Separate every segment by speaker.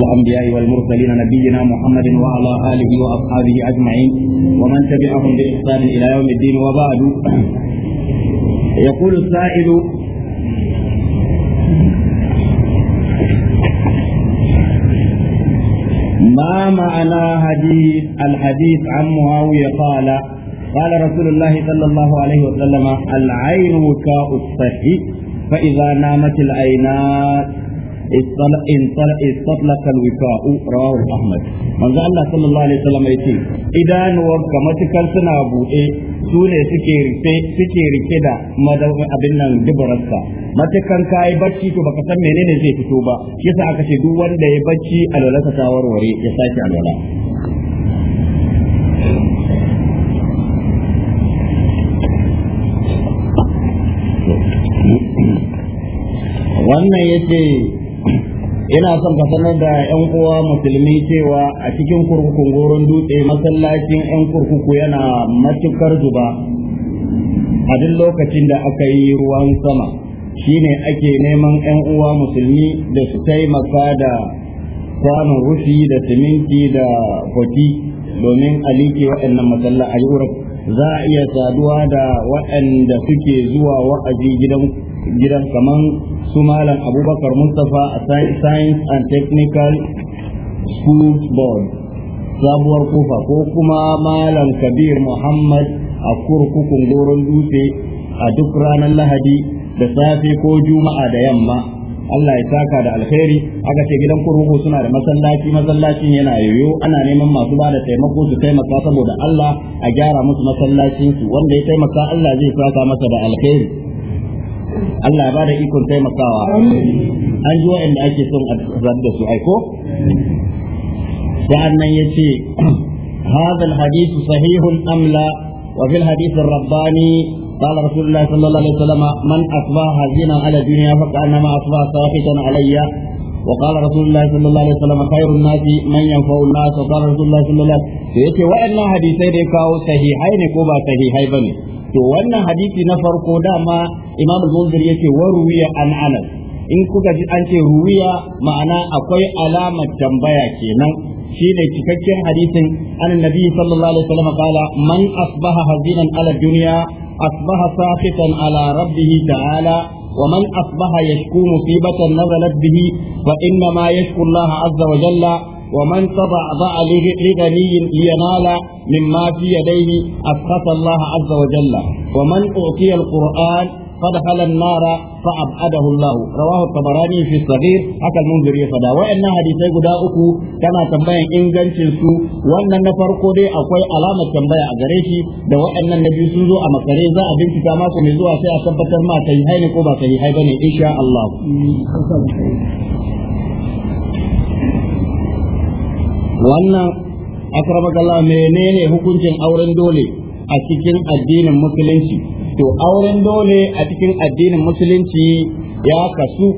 Speaker 1: الأنبياء والمرسلين نبينا محمد وعلى آله وأصحابه أجمعين ومن تبعهم بإحسان إلى يوم الدين وبعد يقول السائل ما معنى حديث الحديث عن معاوية قال قال رسول الله صلى الله عليه وسلم العين وكاء الصحي فإذا نامت العينات استطلق الوفاء رواه احمد من الله صلى الله عليه وسلم يتي اذا نور كما تكن سنا بوده sune suke rufe suke rike da madawin abin nan dubararsa matakan kai bacci to baka san ne zai fito ba yasa aka ce duk wanda ya bacci alwalasa ta warware ya sake alwala ina son ka sanar da yan uwa musulmi cewa a cikin kurkukun goron dutse masallacin yan kurkuku yana matukar zuba a duk lokacin da aka yi ruwan sama shine ake neman yan uwa musulmi da su taimaka da kwanon rufi da siminti da kwaki domin a liƙe waɗannan masalla a za a iya saduwa da waɗanda suke zuwa wa'azi gidan gidan su malam abubakar mustapha a science and technical school board sabuwar kufa ko kuma malam kabir muhammad a kurkukun goron dutse a duk ranar lahadi da safe ko juma'a da yamma Allah ya saka da alkhairi aka ce gidan kurkuku suna da masallaci masallacin yana yoyo ana neman masu ba da taimako su taimaka saboda Allah a gyara musu masallacin su wanda ya taimaka Allah zai saka masa da alkhairi Allah ya bada ikon taimakawa an ji wa'anda ake son a da su aiko sa'annan ya ce هذا الحديث صحيح أم لا وفي الحديث الرباني قال رسول الله صلى الله عليه وسلم من أصبح حزينا على الدنيا فكأنما أصبح ساخطا علي وقال رسول الله صلى الله عليه وسلم خير الناس من ينفع الناس وقال رسول الله صلى الله عليه وسلم yace wa'annan hadisai da kawo sahihai ne ko ba sahihai bane to wannan hadisi na farko dama Imam al-Munziri yace wa ruwiya an Anas in kuka ji an ce ruwiya ma'ana akwai alamar tambaya kenan shine cikakken hadisin annabi sallallahu alaihi wasallam kala man asbaha hazinan ala dunya asbaha safitan ala rabbih ta'ala ومن أصبح يشكو مصيبة نزلت به فإنما يشكو الله عز وجل ومن تضعضع لغني لينال مما في يديه أسخط الله عز وجل ومن أعطي القرآن فدخل النار فأبعده الله رواه الطبراني في الصغير حتى المنذر يفدا وإن حديثي قد أكو كما تنبين إن جنسنسو وأن نفرقو دي أقوي علامة تنبين أغريشي دا وأن النبي سنزو أما كريزا أبنت كما كنزو أسي أثبت ما كيهين كوبا كيهين بني إن شاء الله wannan akramaka Allah menene hukuncin auren dole a cikin addinin musulunci to auren dole a cikin addinin musulunci ya kasu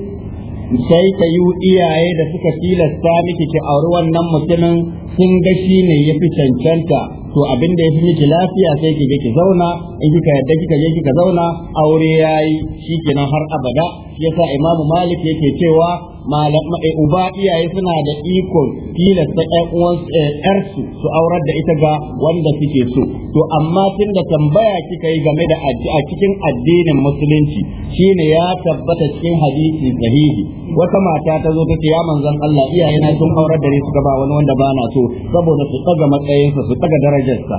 Speaker 1: sai ka yi iyaye da suka tilasta miki ki auri wannan mutumin sun ga shi ne ya fi cancanta to abin da ya fi miki lafiya sai ki je ki zauna in kika yadda kika je kika zauna aure yayi shikenan har abada yasa imamu malik yake cewa malama eh, uba iyaye suna da ikon tilasta ɗan uwan eh, ƴarsu su aurar da ita ga wanda suke so to amma tunda tambaya kika yi game da a cikin addinin musulunci shine ya tabbata cikin hadisi sahihi wata mata ta zo ta ce ya manzon Allah iyaye na sun aurar da ni suka ba wani wanda ba na so saboda su tsaga matsayinsa su tsaga darajarsa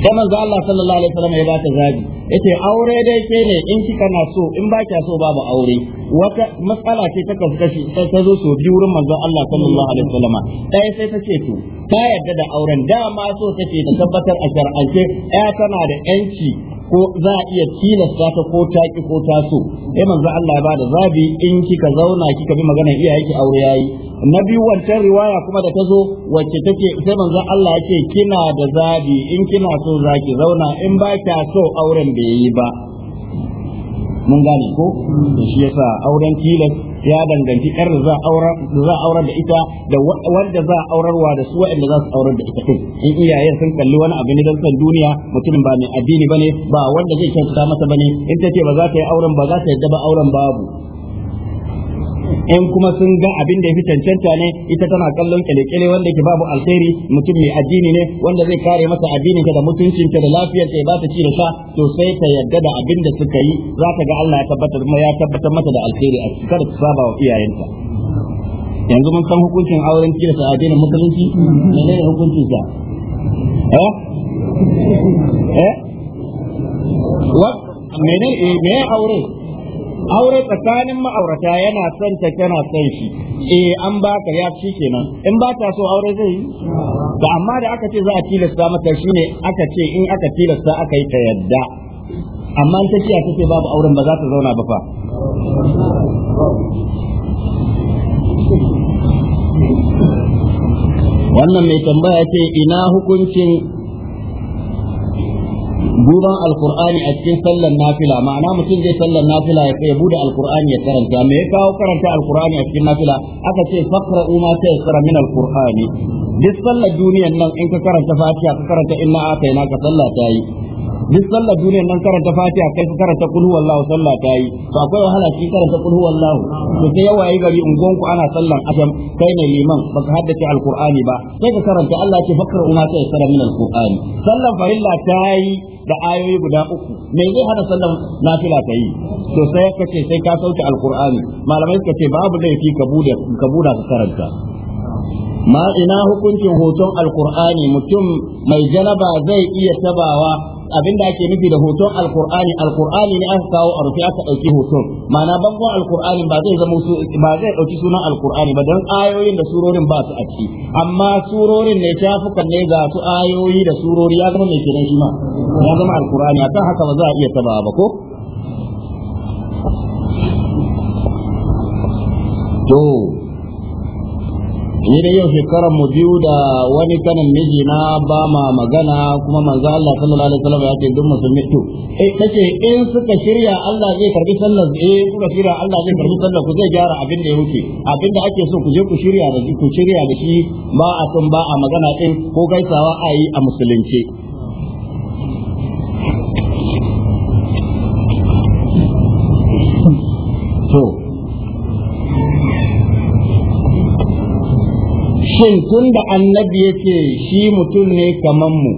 Speaker 1: sai manzo Allah sallallahu alaihi wasallam ya bata zabi yace aure dai ke ne in kika na so in ba kya so babu aure wata matsala ce ta kasu kashi sai ta zo so biyu wurin manzo Allah sallallahu alaihi wasallam dai sai ta ce to ta yadda da auren dama so take ta tabbatar a shar'ance ya tana da yanci ko za a iya tilasta ta ko ta ki ko ta so sai manzo Allah ya bada zabi in kika zauna kika bi magana maganar ki aure yayi na biyu wancan riwaya kuma da tazo zo wacce take sai manzo Allah ya kina da zabi in kina so zaki zauna in ba kya so auren bai yi ba mun gane ko shi yasa auren tilas ya danganci yar da za a aurar da ita da wanda za a aurarwa da su waɗanda za su aurar da ita in iyayen sun kalli wani abu ne don san duniya mutumin ba mai addini bane ba wanda zai kyautata masa bane in ta ce ba za ta yi auren ba za ta yadda ba auren babu in kuma sun ga abin da ya fi cancanta ne ita tana kallon kyalekyale wanda ke babu alkhairi mutum mai addini ne wanda zai kare masa addinin ka da mutuncin ka da lafiyar ka ba ta ci da sha to sai ta yadda da abin da suka yi za ta ga Allah ya tabbatar ya tabbatar mata da alkhairi a cikin da saba wa iyayenta yanzu mun san hukuncin auren sa addinin musulunci ne hukuncin sa eh eh wa menene eh, me aure aure tsakanin ma'aurata yana son ta tana son shi eh an ba ka ya ci kenan in ba ta so aure zai yi da amma da aka ce za a tilasta mata shine aka ce in aka tilasta aka yi ta yadda amma in ta ce ta ce babu auren ba za ta zauna ba fa wannan mai tambaya ce ina hukuncin duban alkur'ani a cikin sallar nafila ma'ana mutum zai sallar nafila ya kai bude alkur'ani ya karanta me ya kawo karanta alkur'ani a cikin nafila aka ce fakra uma ta yasara min alkur'ani duk sallar duniyan nan in ka karanta fatiha ka karanta inna ataina ka sallah ta yi duk sallar duniyar nan karanta fatiha kai ka karanta kul huwallahu sallah ta yi to akwai wahala shi karanta kul huwallahu to sai yawa yi gari ungon ku ana sallan asham kai ne liman baka haddace alqur'ani ba sai ka karanta Allah ce fakra umma sai sara min alqur'ani sallan farilla ta yi da ayoyi guda uku me zai hana sallan nafila ta yi to sai ka ce sai ka sauke alqur'ani malamai suka ce babu laifi ka bude ka ka karanta ma ina hukuncin hoton alkur'ani mutum mai janaba zai iya tabawa Abin da ake nufi da hoton alkurani alkurani ne aka kawo a rufe aka dauki hoton ma'ana bango alkur'ani ba zai zama ba zai dauki sunan alkur'ani ba dan ayoyin da surorin ba su a ciki amma surorin ne shafukan ne ga su ayoyi da surori ya zama mai kiran shi ma ya zama alkur'ani akan haka ba za a iya saba ba ko to ni da yau shekaran mu biyu da wani kanin miji na ba ma magana kuma manzo Allah sallallahu alaihi wasallam ya ce duk musulmi to eh kace in suka shirya Allah zai karbi sallar eh suka shirya Allah zai karbi sallar ku zai gyara abin da ya wuce abin da ake so ku je ku shirya da ku shirya da shi ba a tun ba a magana din ko gaisawa a yi a musulunci shin tun da annabi ya ce shi mutum ne kaman mu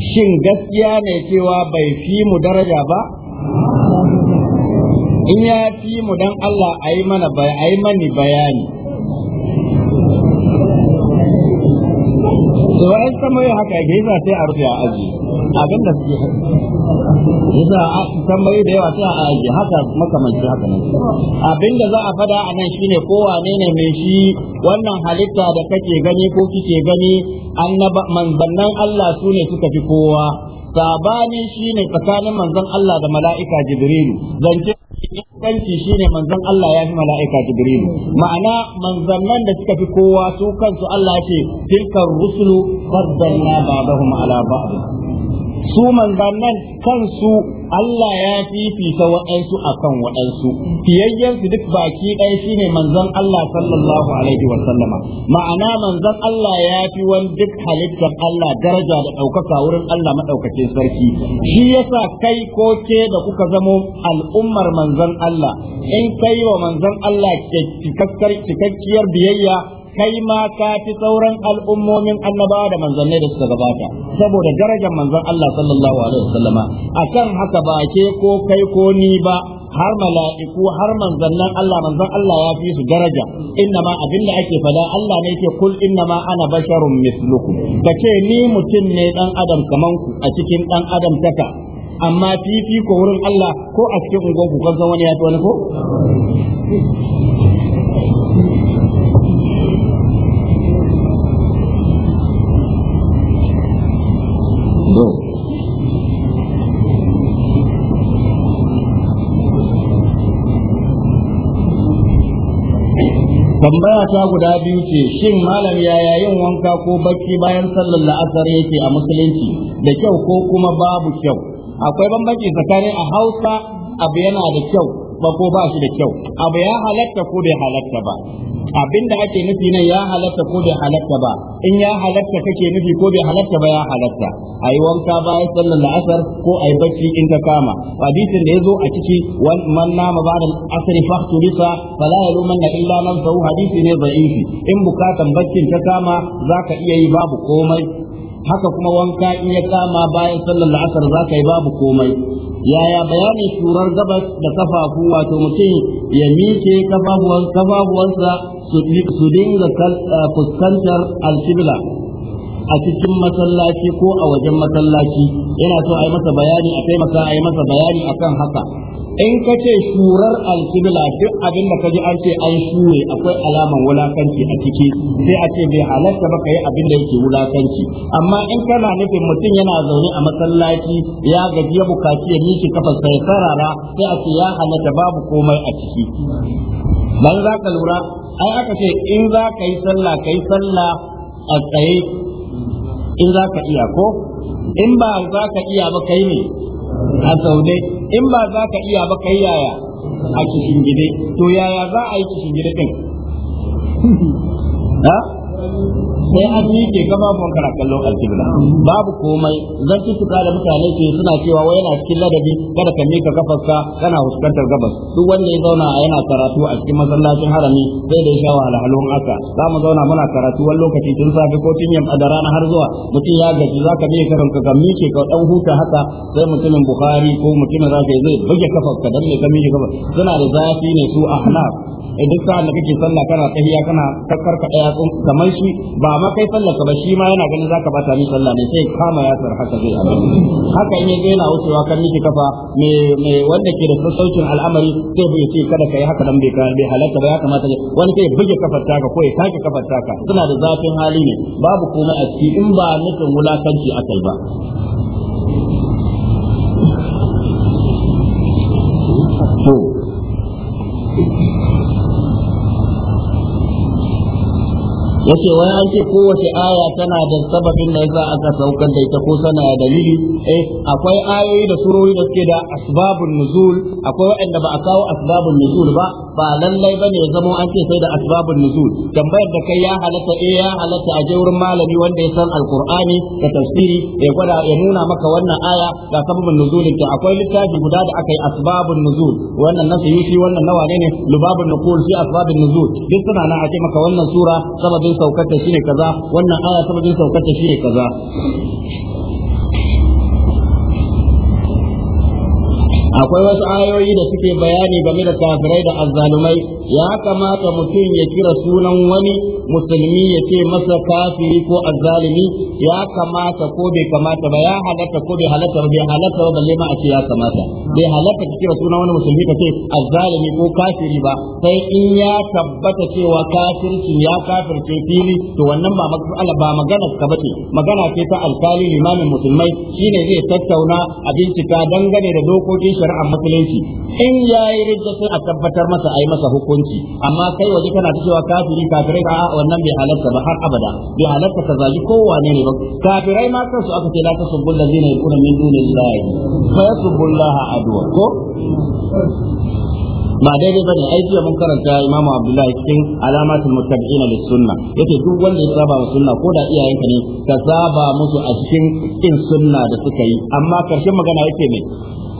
Speaker 1: shin gaskiya ne cewa bai fi mu daraja ba in ya fi mu dan Allah a yi mana bayani to wa'in tambayoyi haka yake yasa sai a rufe a aji abin da suke yasa tambayoyi da yawa sai a aji haka
Speaker 2: makamanci haka nan
Speaker 1: abin da za a fada a nan shine ko wane ne mai shi wannan halitta da kake gani ko kike gani annaba manzannan Allah su ne suka fi kowa sabani shine tsakanin manzon Allah da mala'ika Jibrilu zance shi shine manzon Allah ya fi mala'ika Jibril ma'ana manzannan da suka fi kowa su kansu Allah ya ce tilkar rusulu faddalna ba'dahum ma'ala ba'd su manzannan kansu Allah ya fifita waɗansu a kan waɗansu fiyayyensu duk baki ɗaya shine manzan Allah sallallahu alaihi wa sallama ma'ana manzan Allah ya fi wani duk halittar Allah daraja da ɗaukaka wurin Allah maɗaukacin sarki shi yasa kai ko ke da kuka zamo al'ummar manzan Allah in kai wa manzan Allah cikakkiyar biyayya kai ma ka fi sauran al'ummomin annabawa da manzannai da suka gabata saboda darajar manzan Allah sallallahu alaihi wasallama akan haka ba ke ko kai ko ni ba har mala'iku har manzannan Allah manzan Allah ya fi su daraja inna ma abin da ake fada Allah ne yake kul inna ma ana basharun mislukum kace ni mutum ne dan adam kaman ku a cikin dan adam taka amma fifi ko wurin Allah ko a cikin unguwarku ku kan wani ya wani ko tambaya ta guda biyu ce shin malam yaya yin wanka ko bacci bayan sallar la'asar yake a musulunci da kyau ko kuma babu kyau akwai bambanci tsakanin a hausa abu yana da kyau ba ko ba shi da kyau abu ya halatta ko bai halatta ba abinda ake nufi nan ya halatta ko bai halatta ba in ya halatta kake nufi ko bai halatta ba ya halatta ayi wanka bayan sallar la'asar ko ayi bacci in ka kama hadisin da yazo a ciki wan man nama ba'da asri fahtu bisa fala yalumanna illa nafsuhu hadisi ne da'ifi in bukatan baccin ta kama zaka iya yi babu komai haka kuma wanka in ya kama bayan sallar la'asar za ka yi babu komai yaya bayanin shurar gabas da kafafu wato mutum ya miƙe kafafuwansa su dinga eh, fuskantar alkibla a cikin masallaci ko a wajen masallaci yana so a yi masa bayani a taimaka a yi masa bayani akan haka in ka ce shurar alkibla duk abin da ka ji an ce an shure akwai alaman wulakanci a ciki sai a ce bai halatta ba ka yi abin da yake wulakanci amma in kana nufin mutum yana zaune a masallaci ya gaji ya bukaci ya miki kafa sai sarara sai a ce ya halatta babu komai a ciki dan za ka lura ai aka ce in za ka yi sallah ka yi sallah a tsaye in za ka iya ko in ba za ka iya ba kai ne a Saude in ba za ka iya ba kai yaya a cikin gide to yaya za a yi cikin gide din sai an miƙe gababun kana kallon alkibla babu komai zan tuka da mutane ke suna cewa wai yana cikin ladabi kada ka miƙa kafarka kana fuskantar gabas duk wanda ya zauna yana karatu a cikin masallacin harami sai da ya sha wahala halon za mu zauna muna karatu wani lokaci tun safe ko tun yamma da rana har zuwa mutum ya gaji za ka miƙe ka ka dan huta haka sai mutumin bukhari ko mutumin zaka zai buge kafarka dan ne ka miƙa kafa suna da zafi ne su ahnaf idan eh, sa'an da kake sallah kana tahiya kana kakkarka daya kamar shi ba amma kai ba shi ma yana ganin zaka bata ni sallah ne sai kama ya sar haka zai abin haka in yaje yana wucewa kan miki kafa me me wanda ke da sassaucin al'amari sai bai ce kada kai haka dan bai bai halatta ba ya kamata wani sai buge kafar taka ko ya take kafar taka suna da zafin hali ne babu komai a ciki in ba nufin wulakanci akai ba yace wai an ce kowace aya tana da sababin da yasa aka saukar da ita ko sana da dalili eh akwai ayoyi da surori da suke da asbabun nuzul akwai waɗanda ba a kawo asbabun nuzul ba ba lallai bane ya zama an ce sai da asbabun nuzul tambayar da kai ya halatta eh ya halatta a je wurin malami wanda ya san alqur'ani da tafsiri ya gwada ya nuna maka wannan aya ga sababin nuzulin ta akwai littafi guda da aka yi asbabun nuzul wannan nasu yushi wannan nawa ne lubabun nuqul fi asbabun nuzul duk suna na ake maka wannan sura sababin saukar da shine kaza wannan aya sababin saukar da shine kaza akwai wasu ayoyi da suke bayani game da kafirai da azzalumai ya kamata mutum ya kira sunan wani musulmi ya ce masa kafiri ko azzalumi ya kamata ko bai kamata ba ya halatta ko bai halatta ba bai halatta ba balle ma a ce ya kamata bai halatta ka kira sunan wani musulmi ka ce azzalumi ko kafiri ba sai in ya tabbata cewa kafirci ya kafirce fili to wannan ba ba magana ka bace magana ce ta alkali limamin musulmai shine zai tattauna a bincika dangane da dokokin shari'ar musulunci in yayi sai a tabbatar masa ayi masa hukunci amma kai waje kana cewa kafiri kafirai a wannan bai halarta ba har abada bai halarta ka zagi kowane ne ba kafirai ma kansu aka ce la tasubbu allazina yad'una min dunillahi fa adwa ko ba daidai bane ai jiya mun karanta imamu abdullahi cikin alamatul muttabi'in lis sunna yace duk wanda ya saba wa sunna ko da iyayenka ne ka saba musu a cikin kin sunna da suka yi amma karshen magana yake mai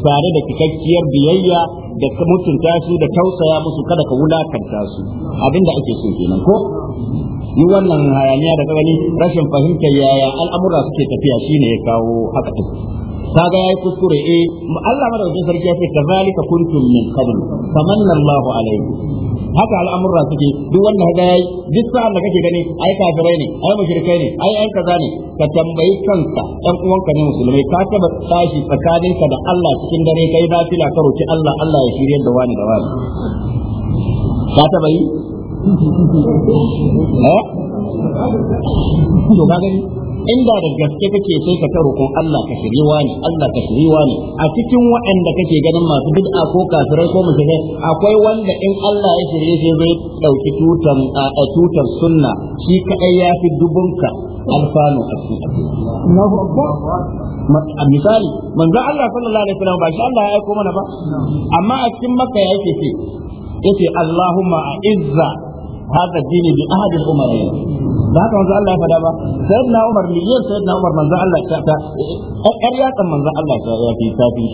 Speaker 1: tare da cikakkiyar biyayya da mutunta su da tausaya musu kada ka wulakanta su abinda ake so kenan ko ni wannan hayaniya da gani rashin fahimtar yaya al'amura suke tafiya shine ya kawo haka din kaga yayi kuskure eh Allah madaukakin sarki ya ce kazalika kuntum min qabl famanna Allahu alayhi haka al'amurra suke duk wanda ka yayi duk sa'an da kake gani ai kafirai ne ai mushrikai ne ai ai kaza ne ka tambayi kanka dan uwanka ne musulmai ka taba tashi tsakaninka da Allah cikin dare kai fila ka roki Allah Allah ya shirye da wani da wani ka taba yi
Speaker 2: eh
Speaker 1: to ka gani inda da gaske kake so ka karo kun Allah ka shiriwa ne Allah ka shiriwa ne a cikin waɗanda kake ganin masu bid'a ko kafirai ko musulmai akwai wanda in Allah ya shirye shi zai dauki tutan a tutar sunna shi kadai ya fi dubunka alfanu a cikin
Speaker 2: Allahu akbar
Speaker 1: misali manzo Allah sallallahu alaihi wasallam ba shi Allah ya aiko mana ba amma a cikin Makka yake ce yace Allahumma a'izza haka dini bi ahadil umari da haka manzo Allah ya fada ba sayyidina Umar liyan sayyidina Umar manzo Allah ya ta ƙar yatsan manzo Allah ya fi tafi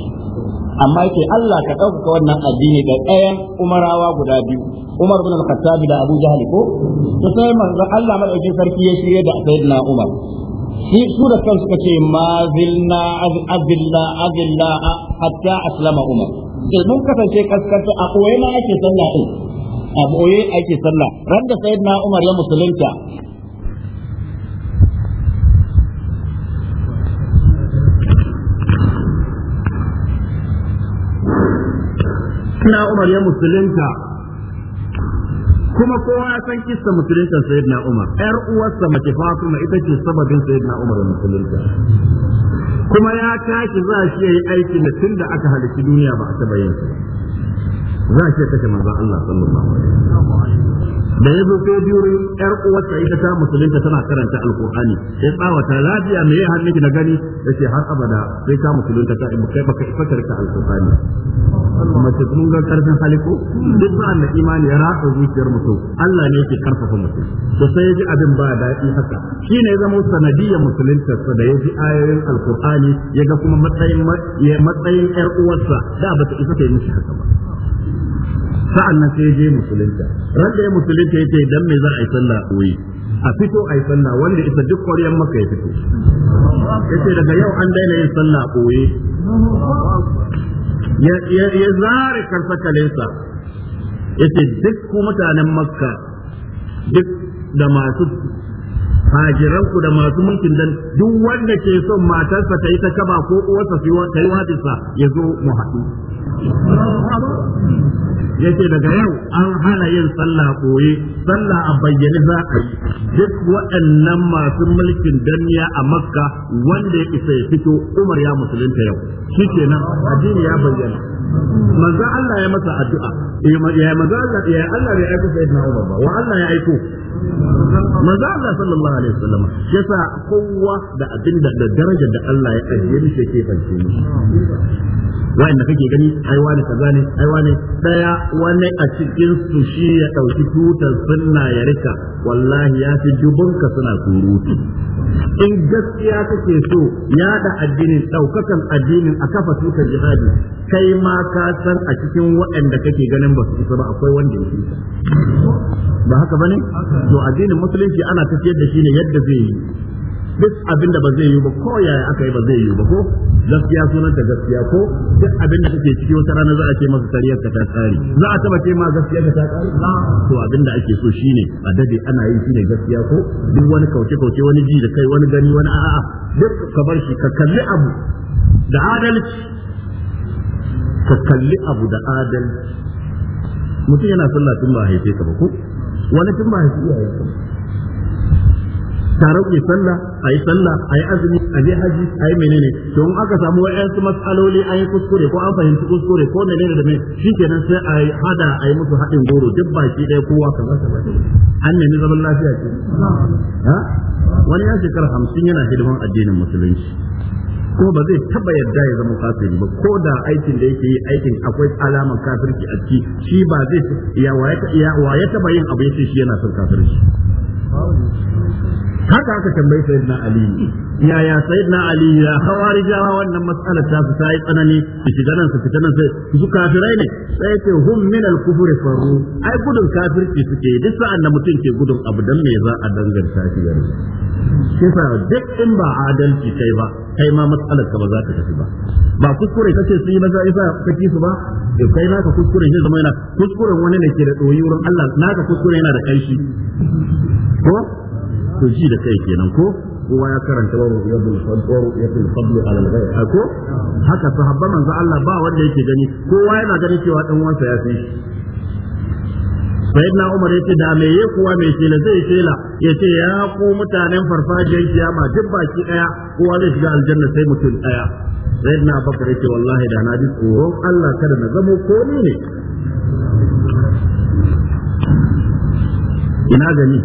Speaker 1: amma yake Allah ka ɗaukaka wannan adini ga ɗayan umarawa guda biyu Umar bin al-Khattab da Abu Jahl ko to sai manzo Allah madaukin sarki ya shirye da Umar shi su da kansu suka ce ma zilna aslama Umar mun kasance a koyi ma ake a boye ake sallah ran da sayyidina Umar ya musulunta na Umar ya musulunta kuma kowa ya san kissa musulunta sayyidina Umar yar uwarsa mace Fatima ita ce sababin sayyidina Umar ya musulunta kuma ya tashi za shi yayi tun da aka halitta duniya ba a taba yin za shi kashe manzon Allah sallallahu
Speaker 2: alaihi
Speaker 1: da ya zo sai biyu yar uwarta ita ta musulunta tana karanta alqur'ani ya tsawata lafiya me ya hannu na gani yace har abada sai ta musulunta ta ibu kai baka ifa karanta alqur'ani mace kun ga karfin haliko duk ba na imani ya ratsa zuciyar mutum Allah ne yake karfafa mutum to sai ya ji abin ba daɗi haka shine ya zama sanadiyyar musulunta da ya ji ayoyin alqur'ani ya ga kuma matsayin matsayin yar uwarsa da ba ta isa ta yi mishi haka ba sa'an nan sai je musulunta ran da ya musulunta yace dan me za a yi sallah koyi a fito a yi sallah wanda isa duk ƙwaryan maka ya fito yace daga yau an daina yin sallah koyi ya zare karsa kalensa yace duk ku mutanen makka duk da masu hajiranku da masu mulkin dan duk wanda ke son matarsa ta yi ta kaba ko uwarsa ta yi wadisa ya zo mu haɗu yace daga yau an hana yin sallah koye sallah a bayyane za a yi duk waɗannan masu mulkin danniya a makka wanda ya isa ya fito umar ya musulunta yau shi nan addini ya bayyana manzo Allah ya masa addu'a eh, ya manzo Allah ya Allah ya aiko na Umar ba wa Allah ya aiko Maza Allah sallallahu alaihi wasallam yasa kowa da abin da da darajar da Allah ya ajiye shi yake fanci mishi da kake gani ai wani kaza ne ai wani daya wani a cikin su shi ya dauki tutar sunna ya rika wallahi ya fi ka suna surutu in gaskiya kake so ya da addinin daukakan addinin a kafa tutar jihadi kai ma ka san a cikin waɗanda kake ganin ba su kusa ba akwai wanda ya ba haka bane to addinin musulunci ana tafiyar da shi ne yadda zai yi duk abin da ba zai yi ba ko yaya aka yi ba zai yi ba ko gaskiya sunan ta gaskiya ko duk abin da kake ciki wata rana za a ce masa kariyar ka ta tsari za a taba ce ma gaskiya ka ta tsari to abin da ake so shine a dade ana yi shine gaskiya ko duk wani kauce kauce wani ji da kai wani gani wani a'a duk ka bar shi ka kalli abu da adalci ka kalli abu da adalci mutum yana sallah tun ba haife ka ba ko wani tun ba su yi taron yi sallah a yi sallah a yi azumi a je haji a yi menene don aka samu wa'yansu matsaloli a yi kuskure ko an fahimci kuskure ko menene da mai shi kenan sai a yi hada a yi musu haɗin goro duk baki ɗaya kowa ka kaza kaza an nemi zaman lafiya ce wani ya shekara hamsin yana hidiman addinin musulunci ko ba zai taba yadda ya zama kafiri ba ko da aikin da yake yi aikin akwai alamar kafirci a ciki shi ba zai ya wa ya taba yin abu yace shi yana son kafirci haka aka tambayi sayyidina ali yaya sayyidina ali ya khawarijawa wannan mas'alar ta su sai tsanani su shiga nan su fita nan sai su kafirai ne sai ce hum min al kufur faru ai gudun kafirci suke duk sa'an da mutum ke gudun abu dan me za a danganta shi yar shi duk in ba adalci kai ba kai ma mas'alar ka ba za ka tafi ba ba kuskure kace su yi maza isa kake su ba to eh, kai naka kuskure shi zama yana kuskuren wani ne ke da doyi wurin Allah naka kuskure yana da shi ko to ji da kai kenan ko kowa ya karanta wa rubiyatul fadl rubiyatul fadl ala al-ghayr ko haka sahabban manzo Allah ba wanda yake gani kowa yana gani cewa dan wansa ya fi sayyidina umar yace da me ya kuwa mai shela zai shela yace ya ku mutanen farfajiyar kiyama duk baki daya kowa zai shiga aljanna sai mutum daya sayyidina Abubakar yace wallahi da na ji tsoron Allah kada na zamo ko ni ne ina gani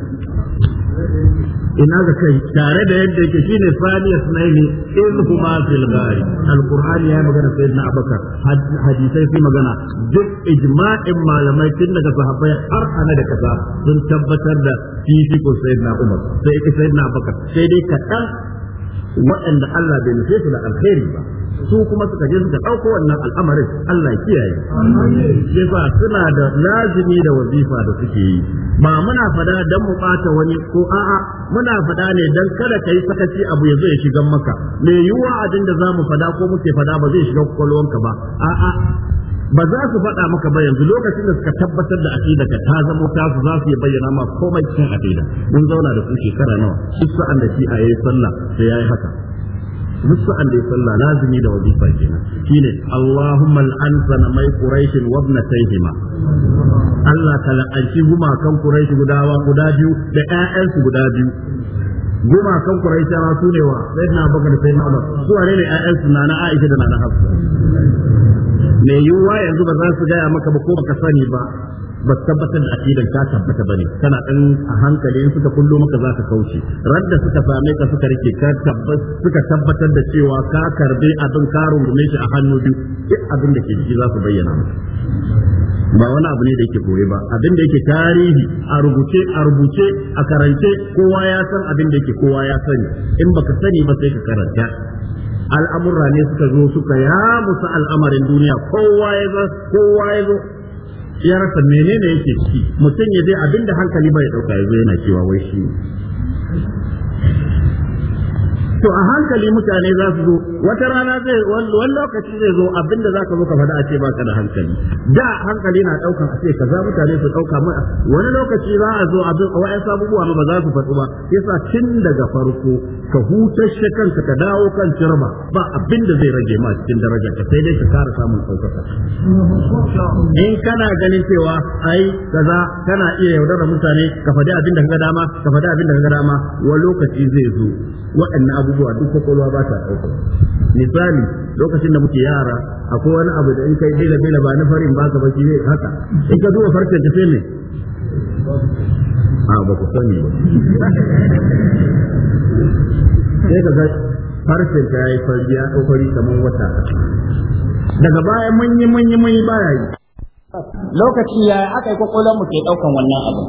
Speaker 1: ina ga kai tare da yadda yake shine saniyas naini in kuma fil ghari alquran ya magana sayyidina abakar hadisai sai magana duk ijma'in malamai tun daga sahabbai har ana da kaza sun tabbatar da fifikon sayyidina umar sai ita sayyidina abakar sai dai kaɗan waɗanda Allah bai nufe su da alheri ba su kuma suka je suka ɗauko wannan al'amarin Allah ya kiyaye shi ba suna da lazimi da wazifa da suke yi ba muna fada dan mu bata wani ko a'a muna fada ne dan kada kai sakaci abu ya zo ya shiga maka me yiwa adin da zamu fada ko muke fada ba zai shiga kwakwalwanka ba a'a ba za su faɗa maka ba yanzu lokacin da suka tabbatar da aqida daga ta zama ta su za su bayyana ma komai cikin aqida mun zauna da su shekara nawa duk sa'an da shi a yayi sallah sai yayi haka duk sa'an da ya sallah lazimi da wajifa kenan shine Allahumma al'an mai quraish wa ibnatayhima Allah ta la'anci gumakan ƙurashi guda guda biyu da ƴaƴansu guda biyu gumakan quraishawa su ne wa sayyidina Abubakar sayyidina Umar su ne ƴaƴansu na na Aisha da na Hafsa Mai yiwuwa yanzu ba za su gaya maka ba ko baka sani ba ba tabbatar da akidan ta tabbata bane kana dan a hankali in suka kullo maka za ka kauce radda suka same ka suka rike ka tabbas suka tabbatar da cewa ka karbe abin ka rungume shi a hannu biyu duk abin da ke ciki za su bayyana maka ba wani abu ne da yake koyi ba abin da yake tarihi a rubuce a rubuce a karance kowa ya san abin da yake kowa ya sani in baka sani ba sai ka karanta al'amurra ne suka zo suka ya musu al'amarin duniya kowa ya zo kowa ya zo ya rasa menene yake ciki mutum ya je abinda hankali bai dauka ya zo yana cewa wai shi to a hankali mutane za su zo wata rana zai wani lokaci zai zo abinda za ka zo ka faɗa a ce ba ka da hankali da hankali na ɗauka a ce kaza mutane su ɗauka mai wani lokaci za a zo abin a wa'yan sabubuwa ba za su faɗu ba yasa tun daga farko ka hutashe kanka ka dawo kan cirma ba abinda zai rage ma cikin darajar ka sai dai ka kara samun ɗaukaka
Speaker 2: in kana ganin
Speaker 1: cewa ai kaza kana iya yaudara mutane ka faɗi abin da ka dama ka faɗi abin da ka dama wa lokaci zai zo waɗannan abubuwa duk kwakwalwa ba ta ɗaukar misali lokacin da muke yara akwai wani abu da in kai bela bela ba na farin ba ka baki zai haka in ka zuwa farcen ta sai ne a ba ku sani ba sai ka ga farcen ta yayi fari ya ɗaukari kamar wata daga baya manyi manyi manyi baya yi lokaci ya aka yi kwakwalwar mu ke ɗaukan wannan abu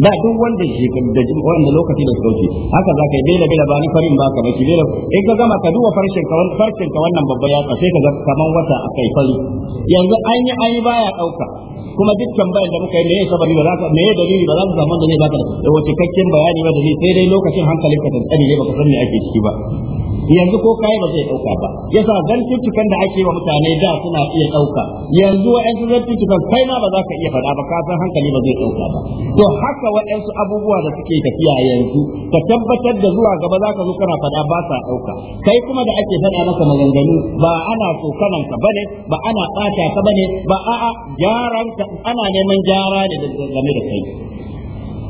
Speaker 1: da duk wanda shi da wanda lokaci da sauki haka zaka yi bela bela ba ni farin ba ka ba ki bela in ka gama ka duba farshen ka wannan farshen ka wannan babba ya sai ka ga kaman wata akai fari yanzu an yi an yi baya dauka kuma dukkan bayan da muka yi ne sabari ba za ka me dalili ba za ka samu da zai baka da wace kakken bayani ba da sai dai lokacin hankalin ka tsani ne ka san me ake ciki ba yanzu ko kai ba zai dauka ba yasa zantuttukan da ake wa mutane da suna iya dauka yanzu wa'ansu zantuttukan kai ma ba za ka iya faɗa ba ka san hankali ba zai dauka ba to haka wa'ansu abubuwa da suke tafiya yanzu ka tabbatar da zuwa gaba za ka zo kana faɗa ba sa dauka kai kuma da ake faɗa maka maganganu ba ana tsokanan ka bane ba ana ɓata ka bane ba a'a gyaran ka ana neman gyara ne game da kai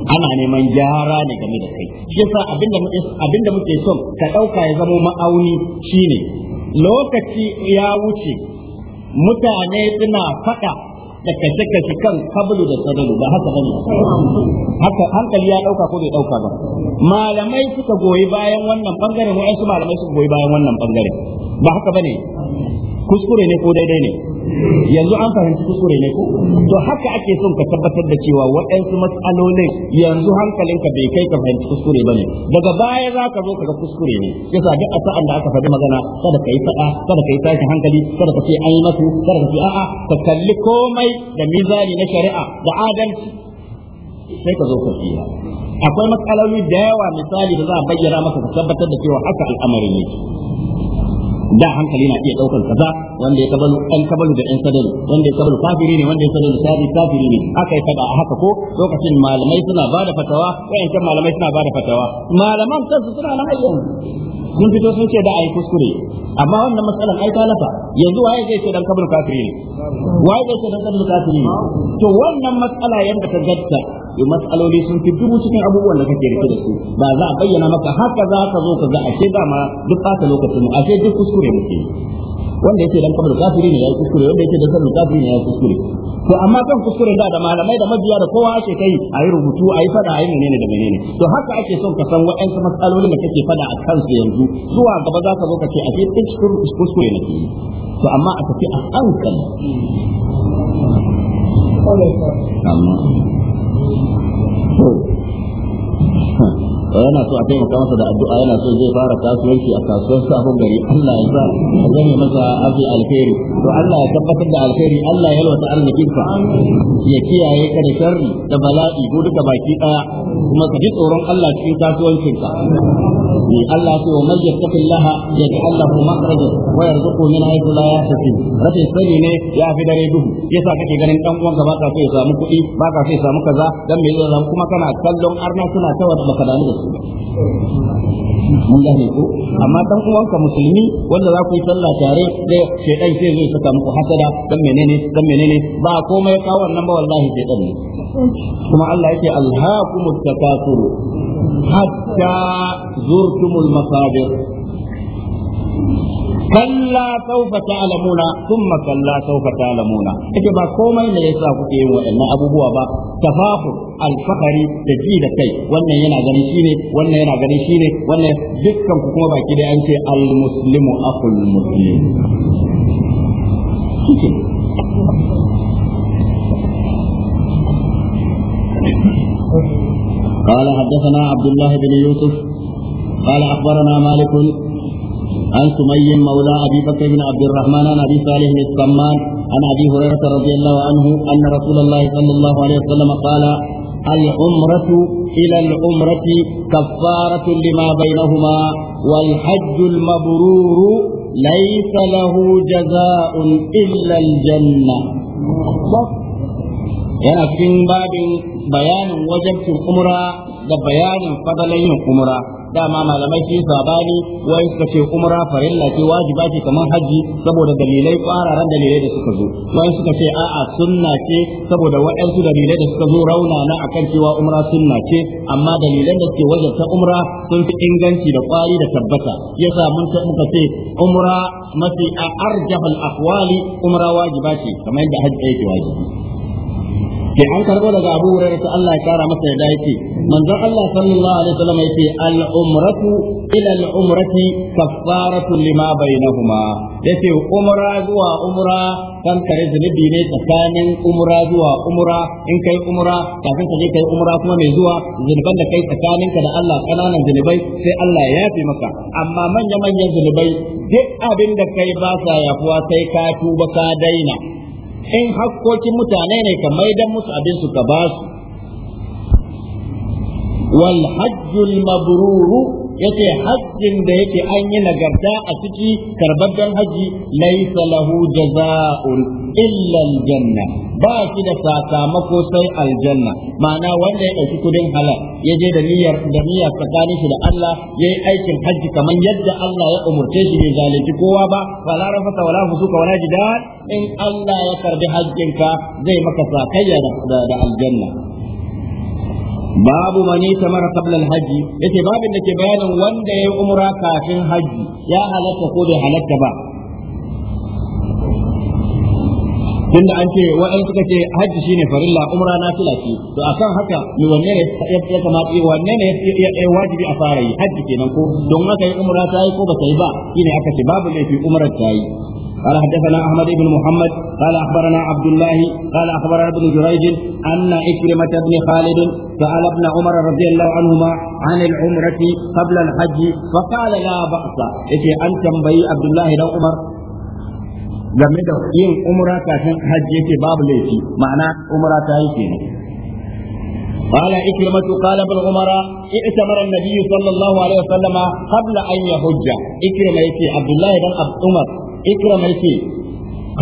Speaker 1: ana neman gyara ne game da kai shi yasa abinda muke abinda muke son ka dauka ya zama ma'auni shine lokaci ya wuce mutane suna faɗa da kace kace kan kabulu da sadalu ba haka bane haka hankali ya dauka ko bai dauka ba malamai suka goyi bayan wannan bangaren wa'ansu malamai suka goyi bayan wannan bangaren ba haka bane kuskure ne ko daidai ne yanzu an fahimci kuskure ne ko to haka ake son ka tabbatar da cewa waɗansu matsalolin yanzu hankalinka bai kai ka fahimci kuskure ba ne daga baya za ka zo ka ga kuskure ne yasa duk a sa'an da aka faɗi magana kada ka yi faɗa kada ka yi tashin hankali kada ka ce an yi masu kada ka ce a'a ka kalli komai da mizani na shari'a da adalci sai ka zo ka tsira akwai matsaloli da yawa misali da za a bayyana maka ka tabbatar da cewa haka al'amarin yake da hankali na iya daukan kaza wanda ya kabalu an kabalu da ɗan sadar, wanda ya kabalu kafiri ne wanda ya sadalu sabi kafiri ne aka yi fada a haka ko lokacin malamai suna ba da fatawa wayancan malamai suna ba da fatawa malaman kansu suna nan ayyan sun fito sun ce da a yi kuskure amma wannan matsalar ai ta lafa yanzu waye zai ce dan kabalu kafiri ne waye zai ce dan kabalu kafiri ne to wannan matsala yanda ta gaddata yi matsaloli sun fi dubu cikin abubuwan da kake rike da su ba za a bayyana maka haka za ka zo ka ga ashe dama duk fata lokacin mu ashe duk kuskure muke wanda yake dan kabar kafiri ne yayi kuskure wanda yake da sanin kafiri ne yayi kuskure to amma kan kuskure da da malamai da mabiya da kowa ake kai a yi rubutu a yi fada a yi menene da menene to haka ake son ka san wa'ansu matsaloli da kake fada a kansu yanzu zuwa gaba za ka zo ka ce a ce kuskure ke. to amma a tafi a hankali
Speaker 2: Hey.
Speaker 1: yana so a taimaka masa da addu'a yana so zai fara kasuwanci a kasuwar sabon gari Allah ya sa zai masa afi alheri to Allah ya tabbatar da alheri Allah ya yalwata arzikin ya kiyaye ka da sharri da bala'i ko duka baki daya kuma ka ji tsoron Allah cikin kasuwancin ka ni Allah ce wa man yattaqillaha yaj'al lahu makhraja wa yarzuqhu min haythu la yahtasib rashin sani ne ya fi dare duhu yasa kake ganin dan uwan ka baka so ya samu kuɗi baka so ya samu kaza dan me zai kuma kana kallon arna suna tawar baka da
Speaker 2: mun
Speaker 1: gane ko amma dan uwanka musulmi wanda za ku yi sallah tare da shedan sai zai saka muku hasada dan menene dan menene ba komai ka wannan ba wallahi shedan ne kuma Allah yake alhaakumut takasur hatta zurtumul masabir kalla saufa ta'lamuna thumma kalla saufa ta'lamuna yake ba komai ne yasa kuke yin waɗannan abubuwa ba tafahu alfahari da ji da kai wannan yana ganin shine wannan yana ganin shine wannan dukkan ku kuma baki da an ce almuslimu akhul muslim قال حدثنا عبد الله بن يوسف قال اخبرنا مالك عن سمي مولى أبي بكر بن عبد الرحمن عن أبي صالح السمان عن أبي هريرة رضي الله عنه أن رسول الله صلى الله عليه وسلم قال العمرة إلى العمرة كفارة لما بينهما والحج المبرور ليس له جزاء إلا الجنة yana cikin babin bayanin wajabcin umra da bayanin fadalan yin umra dama malamai sun sabani wai suka ce umra farilla ce wajiba ce kamar haji saboda dalilai kwararan dalilai da suka zo wai suka ce a'a sunna ce saboda waɗansu dalilai da suka zo rauna na akan cewa umra sunna ce amma dalilan da suke wajen ta umra sun fi inganci da kwari da tabbata yasa mun muka ce umra mafi arjahal ahwali umra wajiba ce kamar yadda haji yake wajibi ke an karbo daga Abu Hurairah ta Allah ya kara masa yadda yake manzon Allah sallallahu alaihi wasallam yake al-umratu ila al-umrati kaffaratu lima bainahuma yace umra zuwa umra kan kare zunubi ne tsakanin umra zuwa umra in kai umra kafin ka je kai umra kuma mai zuwa zunuban da kai tsakaninka da Allah kananan zunubai sai Allah ya yafe maka amma manya manyan zunubai duk abin da kai ba sa yafuwa sai ka tuba ka daina in hakkokin mutane ne ka maidan musu abin su ka ba su wal hajjul mabruru yace hajjin da yake an yi nagarta a ciki karbaddan haji laysa lahu jaza'un illa aljanna ba shi da sakamako sai aljanna ma'ana wanda ya ɗauki kudin halal ya je da niyyar da niyya tsakanin shi da Allah ya yi aikin hajji kamar yadda Allah ya umurce shi bai zalunci kowa ba wala rafata wala fusuka wala jidal in Allah ya karbi hajjinka zai maka sakayya da aljanna babu mani tamara qabla alhaji yace babin da ke bayanin wanda ya yi umra kafin haji ya halatta ko bai halatta ba tunda an ce waɗansu suka ce hajji shine farilla umra na sila to akan haka ni wanne ne ya kamata wanne ne ya wajibi a fara yi hajji kenan ko don haka yi umra ta yi ko ba ta yi ba shine aka ce babu laifi umrar ta yi قال حدثنا احمد بن محمد قال اخبرنا عبد الله قال اخبرنا ابن جريج ان اكرمه بن خالد سال ابن عمر رضي الله عنهما عن العمره قبل الحج فقال لا باس إيه ان تنبي عبد الله بن عمر game da yin umra kafin hajji yake babu laifi ma'ana umra ta yi kenan قال إكرمة قال ابن عمر ائتمر النبي صلى الله عليه وسلم قبل أن يحج إكرمة يتي عبد الله بن عمر إكرمة يتي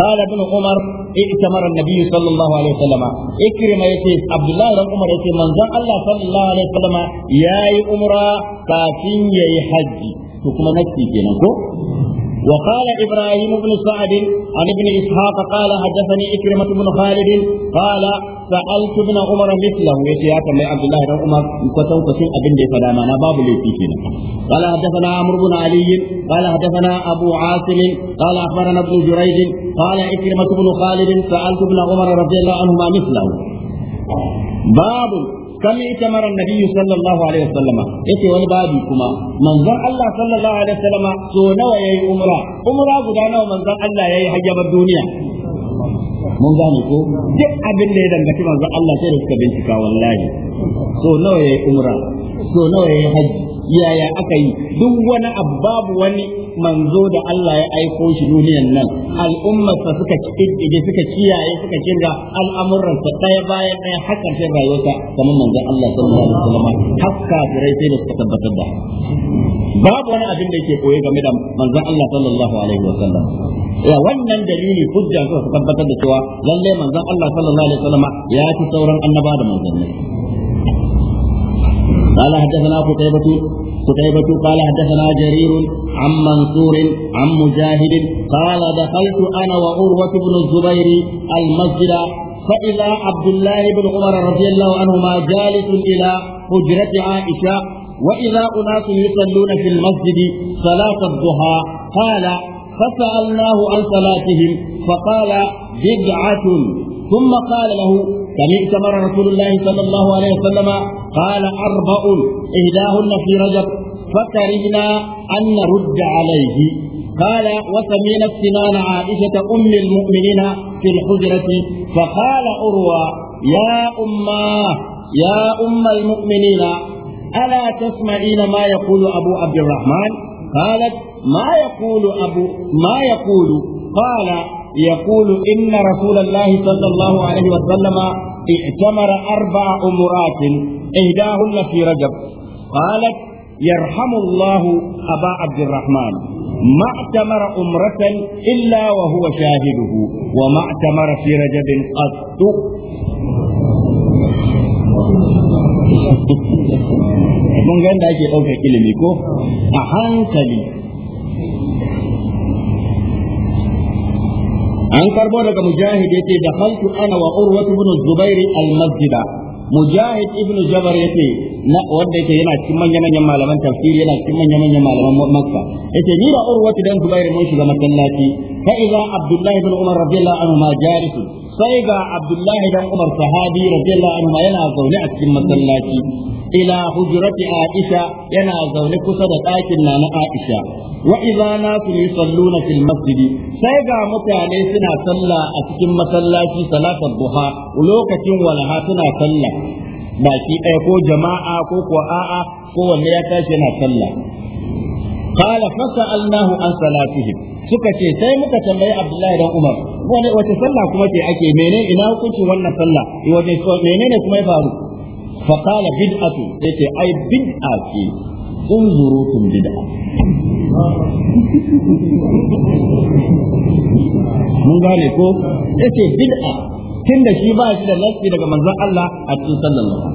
Speaker 1: قال ابن عمر ائتمر النبي صلى الله عليه وسلم إكرمة يتي عبد الله بن عمر يتي من الله صلى الله عليه وسلم يا عمر كافين يا حج to kuma nafsi kenan ko وقال إبراهيم بن سعد عن ابن إسحاق قال حدثني إكرمة بن خالد قال سألت ابن عمر مثله يا شيخ عبد الله بن عمر كتوت في أبن دي فلامانا باب فينا قال حدثنا عمرو بن علي قال حدثنا أبو عاصم قال أخبرنا ابن جريج قال إكرمة بن خالد سألت ابن عمر رضي الله عنهما مثله باب kam ita maran nabiyyu sallallahu alaihi wasallam yake wani babi kuma manzon Allah sallallahu alaihi wasallam so nawa yayi umra umra guda nawa manzon Allah yayi hajjabar duniya mun gane ko duk abin da ya dangaci manzon Allah sai da suka bincika wallahi so nawa yayi umra so nawa yayi hajji yaya aka yi duk wani babu wani manzo da Allah ya aiko shi duniyan nan al'ummarsa suka kiddige suka kiyaye suka kinga al'amuran sa daya bayan daya hakan sai rayuwarsa kamar manzo Allah sallallahu alaihi wasallam hakka birai sai da suka tabbatar da babu wani abin da yake koyi game da manzo Allah sallallahu alaihi wasallam ya wannan dalili hujja suka tabbatar da cewa lalle manzo Allah sallallahu alaihi wasallam ya ci sauran annaba da manzanni قال حدثنا قتيبة قتيبة قال حدثنا جرير عن منصور عن مجاهد قال دخلت أنا وعروة بن الزبير المسجد فإذا عبد الله بن عمر رضي الله عنهما جالس إلى حجرة عائشة وإذا أناس يصلون في المسجد صلاة الضحى قال فسألناه عن صلاتهم فقال بدعة ثم قال له سمعت مر رسول الله صلى الله عليه وسلم قال أربع إهداهن في رجب فكرهنا أن نرد عليه قال وسمينا السنان عائشة أم المؤمنين في الحجرة فقال أروى يا أماه يا أم المؤمنين ألا تسمعين ما يقول أبو عبد الرحمن قالت ما يقول أبو ما يقول قال يقول إن رسول الله صلى الله عليه وسلم ائتمر أربع أمرات إهداهن في رجب قالت يرحم الله أبا عبد الرحمن ما اعتمر أمرة إلا وهو شاهده وما اعتمر في رجب قط mun ga da ake ɗaukar ilimi ko a hankali an karbo daga mujahid yace da haltu ana wa urwatu ibn zubair al masjida mujahid ibn jabar yace na wanda yake yana cikin manyan manyan malaman tafsiri yana cikin manyan manyan malaman makka yace ni da urwati dan zubair mun shiga masallaci fa idza abdullah ibn umar radiyallahu anhu ma jarisu sai ga abdullah dan umar sahabi radiyallahu anhu yana zaune a cikin masallaci ila hujrati aisha yana zaune kusa da ɗakin nana aisha wa idza nasu yusalluna fil masjidi sai ga mutane suna sallah a cikin masallaci salatul buha, lokacin walha suna sallah baki ɗaya ko jama'a ko kuwa a'a ya tashi sallah قال فسألناه عن صلاتهم suka ce sai muka tambayi Abdullahi dan Umar wani wace sallah kuma ce ake menene ina hukuncin wannan sallah menene kuma ya faru fa qala bid'atu yace ai bid'a ce unzurutun bid'a
Speaker 2: mun gane ko yace bid'a tunda shi ba shi da nasi
Speaker 1: daga manzon Allah a cikin sallallahu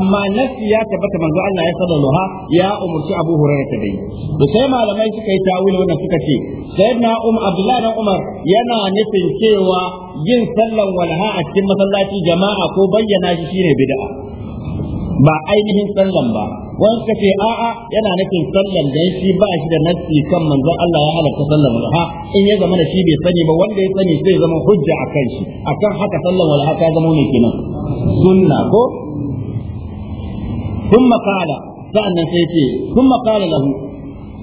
Speaker 1: amma nasi ya tabbata manzo Allah ya sallallahu ya umurci Abu Hurairah ta dai to sai malamai suka yi tawili wannan suka ce sayyidina Um Abdullahi dan Umar yana nufin cewa yin sallan walha a cikin masallaci jama'a ko bayyana shi shine bid'a ba ainihin sallan ba wani suka ce a'a yana nufin sallan da shi ba shi da nassi kan manzon Allah ya halatta sallan ha in ya zama da shi bai sani ba wanda ya sani zai zama hujja a kan shi akan haka sallan walha ta zama ne kenan sunna ko ثم قال sa'annan sai ce kuma qala lahu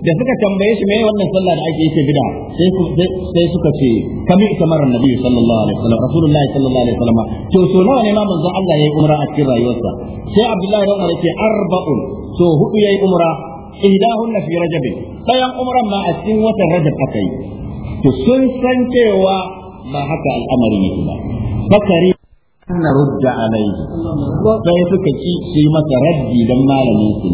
Speaker 1: da suka tambaye shi mai wannan sallah da ake yake bid'a sai sai suka ce kami kamar annabi sallallahu alaihi wasallam rasulullah sallallahu alaihi wasallam to so nawa ne ma manzon Allah yayi umra a cikin rayuwarsa sai abdullahi ibn umar yake arba'un so hudu yayi umra ihdahunna fi rajab dayan umra ma a cikin watan rajab akai to sun san cewa ba haka al'amari ne ba bakari na rudda alaihi sai suka ki su masa rabbi don malamin su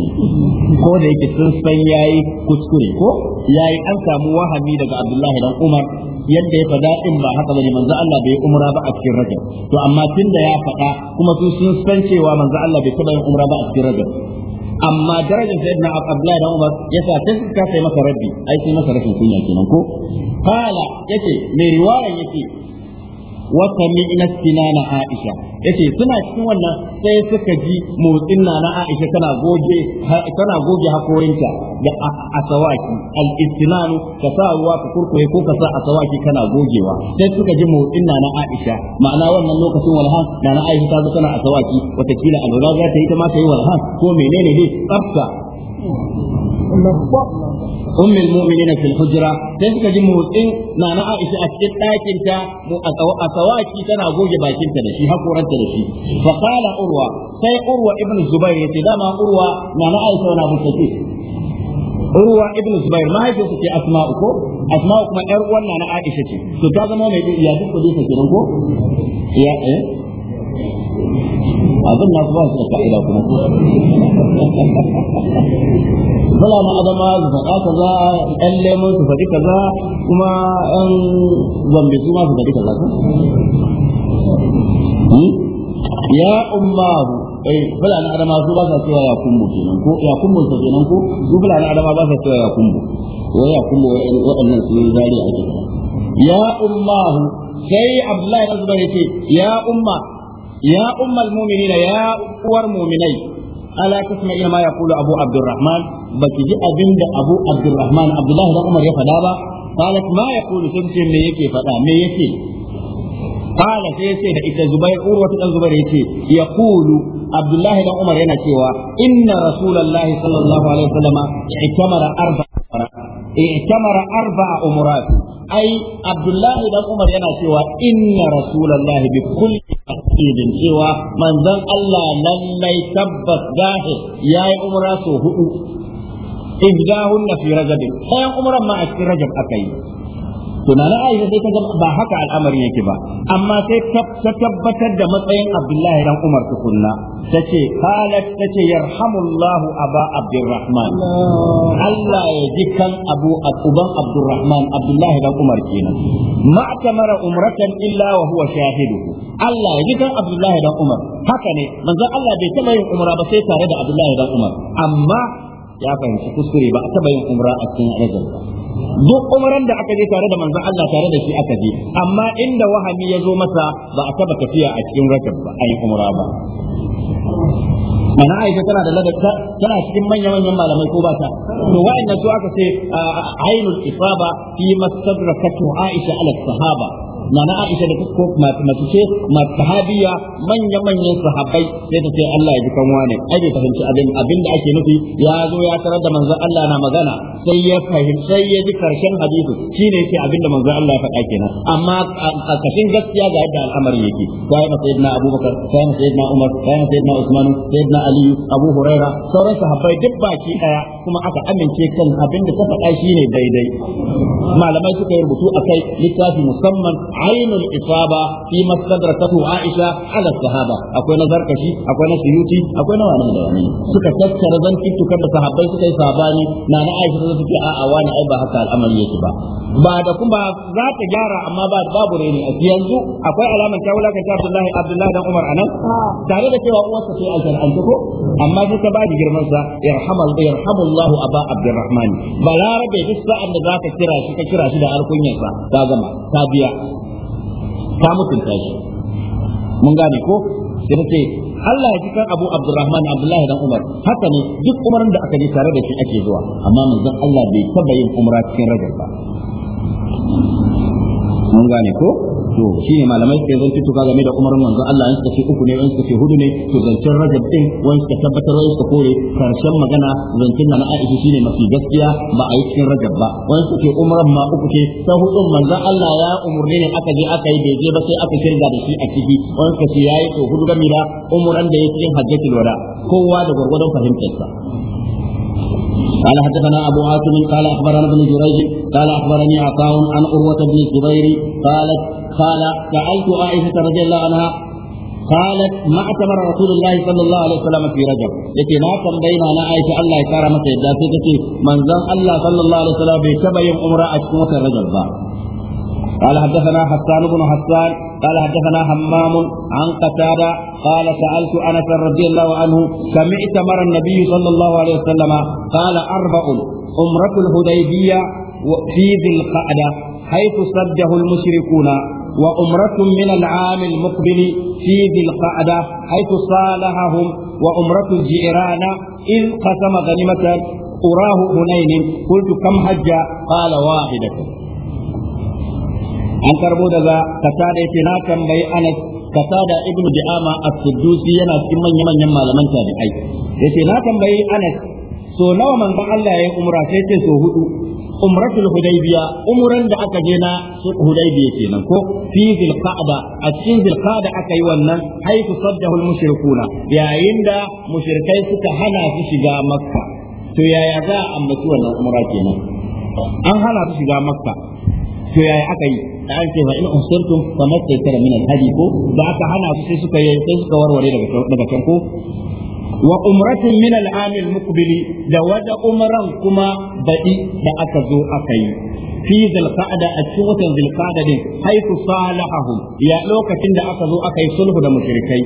Speaker 1: ne ko da yake sun san yi kuskure ko yi an samu wahami daga Abdullahi dan Umar yadda ya faɗa in ba haka bane manzo Allah bai umra ba a cikin Rajab to amma tunda ya faɗa kuma su sun san cewa manzo Allah bai taba yin umra ba a cikin Rajab amma darajar sayyidina Abdullahi dan Umar yasa sai ka sai masa rabbi ai sai masa rashin kunya kenan ko qala yake mai riwayan yake wa sami'na sinana Aisha yace suna cikin wannan sai suka ji motsin nana Aisha tana goge tana goge hakorinta da asawaki al-istinanu ka sa ruwa ka kurkure ko ka sa asawaki kana gogewa sai suka ji motsin nana Aisha ma'ana wannan lokacin walha nana Aisha ta zo tana asawaki watakila alwala za ta yi ta ma ta yi walha ko menene ne tsafta أم المؤمنين في الحجرة تسكى جمهورين نانا عائشة أكتب لكن تا أسواكي تنا أبوجة باكين تنشي هكو رد تنشي فقال أروى سي أروى ابن الزبير يتدامى أروى نانا عائشة ونا مستكي أروى ابن الزبير ما هي تسكي أسماؤكو أسماؤكما أروى نانا عائشة تو تازمو ميدو يادوكو ديسة كنوكو يا إيه abin na ba su da ka'ida kuma ko bala ma adama su faɗa kaza ƴan lemon su faɗi kaza kuma ɗan zambe su ma su faɗi kaza hmm? ya ummahu eh fulani adama su ba sa cewa ya kumbu kenan ko ya kumbu sa kenan ko su fulani adama ba sa cewa ya kumbu wai ya kumbu waɗannan su yi zari a cikin ya ummahu sai abdullahi na zubar ya ce ya umma ya ummal mu'minina ya uwar mu'minai ala tasma ma yaqulu abu abdurrahman baki ji abinda abu abdurrahman abdullahi da umar ya fada ba قالت ما يقول سنت me yake fada me قال sai yace da ita Zubair Urwa ta Zubair dan Umar yana cewa inna Rasulullah sallallahu alaihi wasallam i'tamara arba i'tamara arba umurat ai Abdullah dan Umar yana cewa inna Rasulullah bi yaqinin cewa manzon Allah mai tabbas zahir yayi umra so hudu idahun fi rajab sai umran ma a cikin rajab akai tunanin Aisha sai ta ga ba haka al'amarin yake ba amma sai ta tabbatar da matsayin Abdullahi dan Umar tukunna tace qalat tace yarhamullahu aba Abdurrahman Allah ya ji kan Abu Uban Abdurrahman Abdullahi dan Umar kenan ma mara umratan illa wa huwa shahidu Allah ya ji kan Abdullahi dan Umar haka ne manzon Allah bai taba yin umra ba sai tare da Abdullahi dan Umar amma ya fahimci kuskure ba a taɓa yin umra a cikin rajab duk umaran da aka je tare da manzon Allah tare da shi aka je amma inda wahami ya zo masa ba a taba tafiya a cikin rajab ba a yi umra ba mana aisha tana da ladabta tana cikin manya manyan malamai ko ta to wa'annan su aka ce ainul isaba fi mastadrakat aisha ala sahaba nana Aisha da kusko masu ce masu sahabiya manya manyan sahabbai sai ta ce Allah ya ji kan wane ai bai fahimci abin abin da ake nufi ya zo ya tarar da manzon Allah na magana sai ya fahimci sai ya ji karshen hadisi shine yake abin da manzon Allah ya faɗa kenan amma a kashin gaskiya ga yadda al'amari yake sai na sayyidina Abubakar sai na sayyidina Umar sai na sayyidina Usman sayyidina Ali Abu Huraira sauran sahabbai duk baki daya kuma aka amince kan abin da ta faɗa shine daidai malamai suka yi rubutu akai littafi musamman ainul isaba fi mastadrakatu aisha ala sahaba akwai na zarkashi akwai na suyuti akwai na wani da wani suka tattara zantuttukan da sahabbai suka yi sabani na na aisha ta take a a wani ai haka al'amari yake ba ba da kuma za ta gyara amma ba babu reni a yanzu akwai alamar ta wulakanta Abdullahi Abdullahi dan Umar anan tare da cewa uwarsa sai aljar an ko amma sai ta bada girman sa yarhamal yarhamullahu aba Abdurrahman balarabe duk sa'an da zaka kira shi ka kira shi da alkunyarsa ta gama ta biya ta mutunta shi mun gane ko sai ta ce Allah ya ji kan Abu Abdurrahman Abdullahi dan Umar haka ne duk umarin da aka yi tare da shi ake zuwa amma manzon Allah bai taba yin umra cikin rajul ba mun gane ko to ne malamai suka zanci tuka game da umarin manzon Allah in suka ce uku ne in suka ce hudu ne to zancen rajab din wani suka tabbatar wani suka kore karshen magana zancen na Aisha shine mafi gaskiya ba a yi cikin rajab ba wani suka ce umarin ma uku ce sai hudun manzon Allah ya umurne ne aka je aka yi bai je ba sai aka kirga da shi a ciki wani suka ce yayi to hudu gami da umuran da ya cikin hajjatul wada kowa da gwargwadon fahimtarsa قال حدثنا أبو عاصم قال أخبرنا ابن جريج قال أخبرني عطاء عن عروة بن الزبير قالت قال سألت عائشة رضي الله عنها قالت ما أتمر رسول الله صلى الله عليه وسلم في رجب يتي نا تنبين انا عائشة الله كرمته لا يدا من زم الله صلى الله عليه وسلم في شبه يوم أمر اشكو الرجل با قال حدثنا حسان بن حسان قال حدثنا همام عن قتادة قال سألت أنس رضي الله عنه كم اعتمر النبي صلى الله عليه وسلم قال أربع أمرة الهديبية في ذي القعدة حيث سده المشركون وأمرة من العام المقبل في ذي القعدة حيث صالحهم وأمرة الجيران إذ قسم غنيمة أراه هنين قلت كم حج قال واحدة an karbo daga kasada yace na tambayi Anas kasada ibnu Di'ama as-Siddusi yana cikin manyan manyan malaman tabi'ai yace na tambayi Anas so nawa manzon Allah ya umra ce so hudu umratul hudaybiya umran da aka je na hudaybiya kenan ko fi zilqa'da a cikin zilqa'da aka yi wannan haifu saddahu mushrikuna yayin da mushrikai suka hana su shiga makka to yaya za a ambaci wannan umra kenan an hana su shiga makka to yaya aka yi da an ce fa in usirtum fa mastaykara min al-hadi ko ba ka hana su sai suka yi sai suka warware daga daga can ko wa umratin min al-ami da wada umran kuma baɗi da aka zo aka yi fi zulqa'da a cikin watan zulqa'da din haifu salahahum ya lokacin da aka zo aka yi sulhu da mushrikai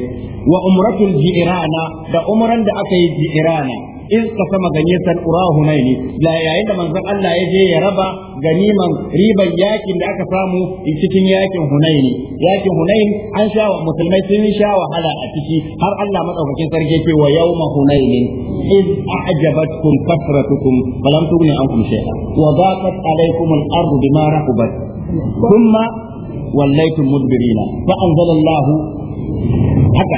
Speaker 1: wa umratul ji'rana da umran da aka yi ji'rana in qasama ganiyatan urahu naini la yayin da manzon Allah ya je ya raba ganiman riban yakin da aka samu cikin yakin Hunaini yakin Hunain an sha wa musulmai sun sha wahala a ciki har Allah madaukakin sarki ce wa yawma Hunain in a'jabatkum kasratukum falam tughni ankum shay'a wa daqat alaykum al-ardu bima rahabat thumma wallaytum mudbirina fa anzala Allah haka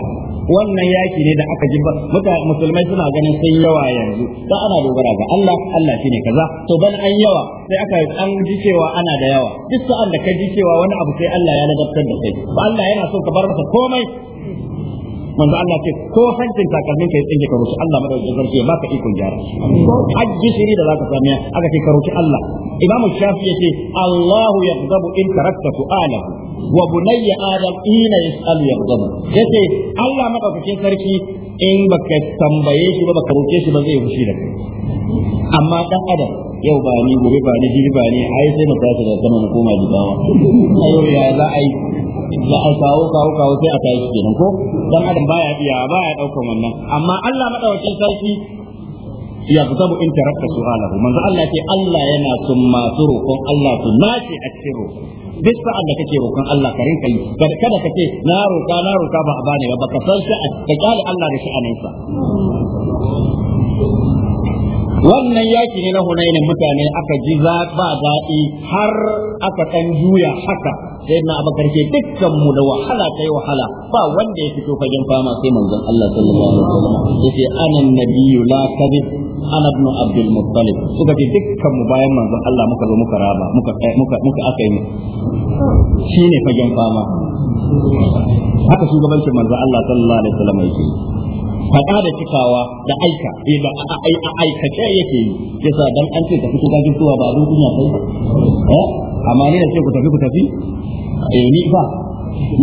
Speaker 1: wannan yaki ne da aka ji mutane musulmai suna ganin sun yawa yanzu da ana dogara ga Allah Allah ne kaza to ban an yawa sai aka an ji cewa ana da yawa duk sa'an da ka ji cewa wani abu sai Allah ya ladabtar da kai ba Allah yana so ka bar masa komai manzo Allah ce ko hancin takalmin ka ya tsinke ka roki Allah madaukakin sarki ya baka ikon gyara hajji shiri da zaka sami aka kai karo roki Allah imamu shafi yace Allah gabu in tarakta ala wa bunayya adam ina yas'alu yaghdabu yace Allah madaukakin sarki in baka tambaye shi ba baka roke shi ba zai fushi da kai amma dan adam yau ba ni gobe ba ni jibi ba ni ai sai mu tashi da sama mu koma jibawa ayo ya za a yi za a kawo kawo kawo sai a tashi kenan ko dan adam baya iya baya daukan wannan amma Allah madaukakin sarki ya sabu in tarakta su'alahu manzo Allah ce Allah yana son masu roƙon Allah su nace a cikin roƙo duk sa'an da kake roƙon Allah ka rinka yi kada ka ce na roƙa na roƙa ba a bani ba baka san shi a tsakali Allah da sha'aninsa wannan yaki ne na hunainin mutane aka ji za ba daɗi har aka kan juya haka sai na abakar ke dukkan mu da wahala ta yi wahala ba wanda ya fito fagen fama sai manzon Allah sallallahu alaihi wasallam yace ana nabiyyu la kadhib ana ibn abdul muttalib suka ce dukkan mu bayan manzon Allah muka zo muka raba muka muka muka aka yi shine fagen fama haka shugabancin manzon Allah sallallahu alaihi wasallam yake faɗa da cikawa da aika idan eh, a aikace yake yi ya sa dan an ce tafi ta gajin zuwa ba abin kunya sai ba eh, amma ni na ce ku tafi ku tafi eh ni ba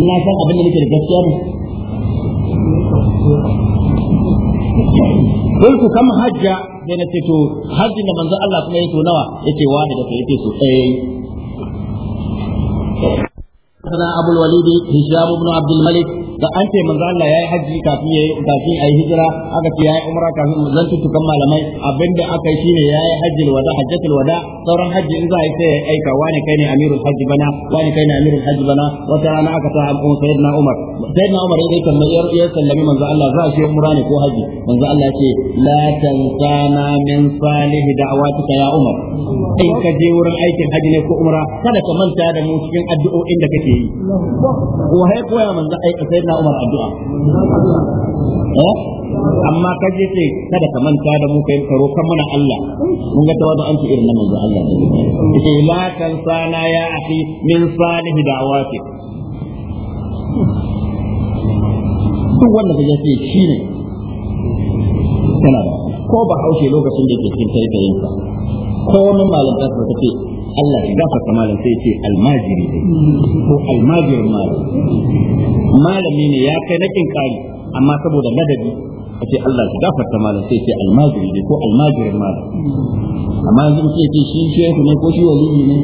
Speaker 1: ina san abin da nake da gaskiya ne Kulku kam hajja sai na ce to hajji da manzo Allah kuma yake nawa yake wani da kai yake so eh sana abul walidi hisham ibn abdul malik da an ce manzo Allah yayi haji kafin yayi kafin ayi hijira aka ce yayi umra kafin zan kan malamai abinda aka yi shine yayi hajjil wada hajjatul wada sauran hajji in za a yi sai ya aika wani kai ne amirul hajji bana wani kai ne amirul hajji bana wata rana aka ta abu sayyidina Umar sayyidina Umar ya sallami ya sallami manzo Allah za a ce umra ne ko haji manzo Allah ce la tansana min salih da'watika ya Umar in ka je wurin aikin haji ne ko umra kada ka manta da mu cikin addu'o'in da kake yi wa hay koya manzo ai sayyidina umar addu'a eh? amma ka je ce kada ka manta da mu kai karo kan mana Allah mun ga tawadu an ce irin nan manzo Allah ce la kan sana ya afi min salih da'awati duk wanda ka je ce shine kana ko ba haushe lokacin da yake cikin taitayin ko mun malam ta ce Allah ya gafarta malam sai ce almajiri ko almajirin malam malami ne ya kai na kari amma saboda ladabi a ce Allah ya gafarta malam sai ce almajiri ne ko almajirin malam amma yanzu sai ce shi shehu ne ko shi waliyi ne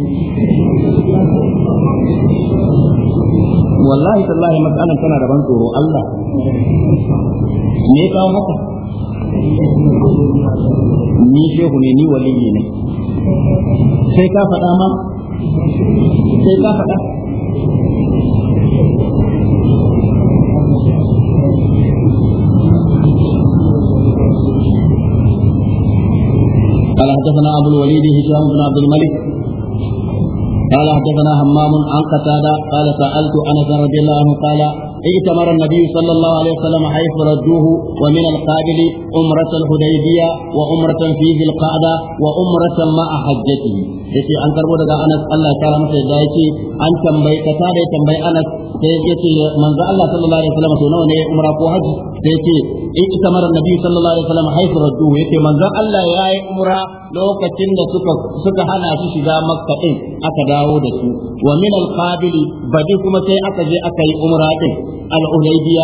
Speaker 1: wallahi tallahi matsalan tana da ban tsoro Allah
Speaker 2: ne ka, haka ni shehu
Speaker 1: ne ni waliyi ne sai ka faɗa ma sai ka faɗa قال حدثنا ابو الوليد هشام بن عبد الملك قال حدثنا همام عن قتاده قال سالت انس رضي الله عنه قال ائتمر النبي صلى الله عليه وسلم حيث ردوه ومن القابل عمرة الحديبية وعمرة في ذي القعدة وعمرة مع حجته ya kara ya yi lokacin da suka suka hana shi shiga Makka aka dawo da su wa min badi kuma sai aka je aka umra wa yace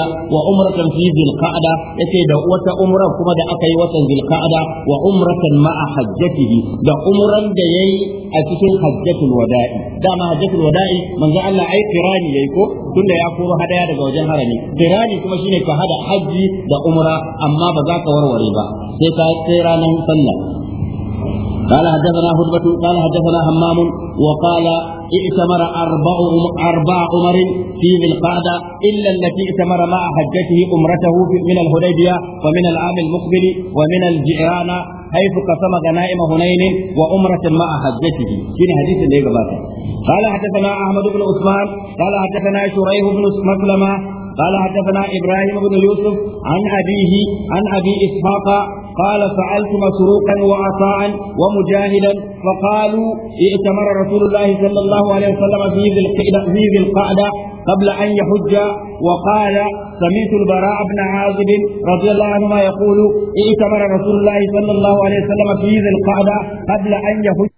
Speaker 1: da wata umra kuma da aka yi watan zulqa'ada wa umratan ma'a hajjatihi da umran da yayi a cikin hajjatul wada'i dama hajjatul wada'i manzo Allah ai kirani yayi ko tunda ya koro hadaya daga wajen harami kirani kuma shine ka hada haji da umra amma ba za ka warware ba sai ka sai ranar sallah قال حدثنا هربة قال حدثنا همام وقال ائتمر أربع أربع عمر في ذي القعدة إلا التي ائتمر مع حجته أمرته من الهديبية ومن العام المقبل ومن الجيران حيث قسم غنائم هنين وأمرة مع حجته في حديث اللي قال حدثنا أحمد بن عثمان قال حدثنا شريح بن مسلمة قال حدثنا إبراهيم بن يوسف عن أبيه عن أبي إسحاق قال سألت مسروقا وعطاء ومجاهدا فقالوا ائتمر رسول الله صلى الله عليه وسلم في ذي القعدة قبل أن يحج وقال سمعت البراء بن عازب رضي الله عنهما يقول ائتمر رسول الله صلى الله عليه وسلم في ذي
Speaker 2: القعدة قبل أن يحج